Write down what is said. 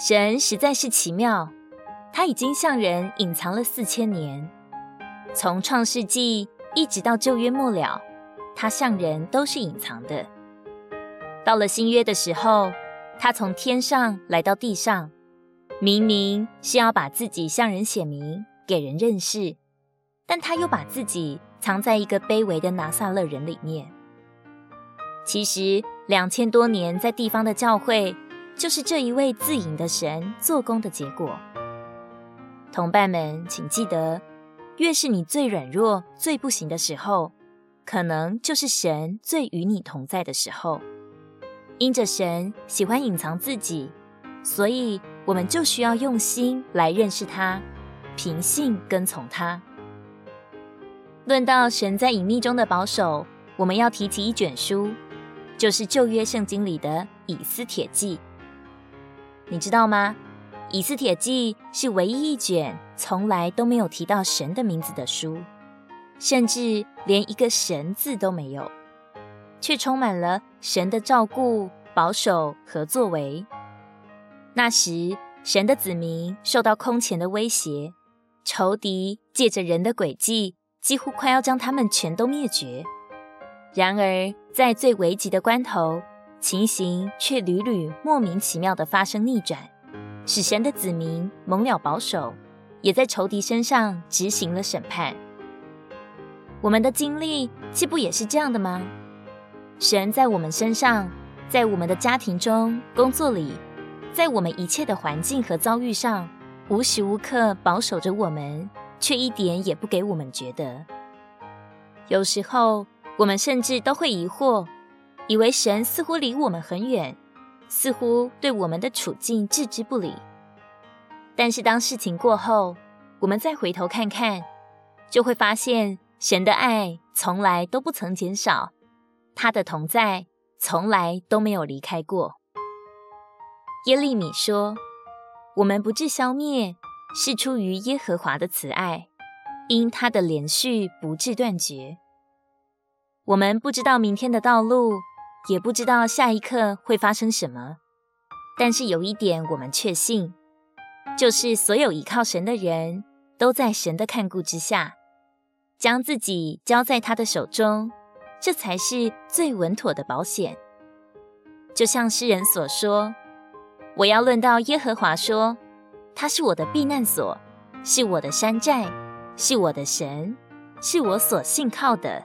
神實在是奇妙，他已經向人隱藏了四千年，從創世紀一直到舊約末了，他向人都是隱藏的。到了新約的時候，他從天上來到地上，明明是要把自己向人顯明給人認識，但他又把自己藏在一個卑微的拿撒勒人裡面。其實兩千多年在地方的教會。就是這一位自隱的神做工的結果。同伴們，請記得，越是你最軟弱、最不行的時候，可能就是神最與你同在的時候。因着神喜歡隱藏自己，所以我們就需要用心來認識他，憑信跟從他。論到神在隱祕中的保守，我們要提起一卷書，就是舊約聖經裡的《以斯帖記》。你知道嗎？以斯帖記是唯一一卷從來都沒有提到神的名字的書，甚至連一個神字都沒有，卻充滿了神的照顧、保守和作為。那時，神的子民受到空前的威脅，仇敵借着人的詭計，幾乎快要將他們全都滅絕。然而，在最危急的關頭，.情形卻屢屢莫名其妙地發生逆轉，使神的子民蒙了保守，也在仇敵身上執行了審判。我們的經歷豈不也是這樣的嗎？神在我們身上，在我們的家庭中、工作裡，在我們一切的環境和遭遇上，無時無刻保守着我們，卻一點也不給我們覺得。有時候，我們甚至都會疑惑。以為神似乎離我們很遠，似乎對我們的處境置之不理。但是當事情過後，我們再回頭看看，就會發現神的愛從來都不曾減少，他的同在從來都沒有離開過。耶利米說：“我們不至消滅，是出於耶和華的慈愛，因他的憐恤不至斷絕。”我們不知道明天的道路。也不知道下一刻會發生什麼，但是有一點我們確信，就是所有依靠神的人都在神的看顧之下，將自己交在他的手中，這才是最穩妥的保險。就像詩人所說：“我要論到耶和華說，他是我的避難所，是我的山寨，是我的神，是我所信靠的。”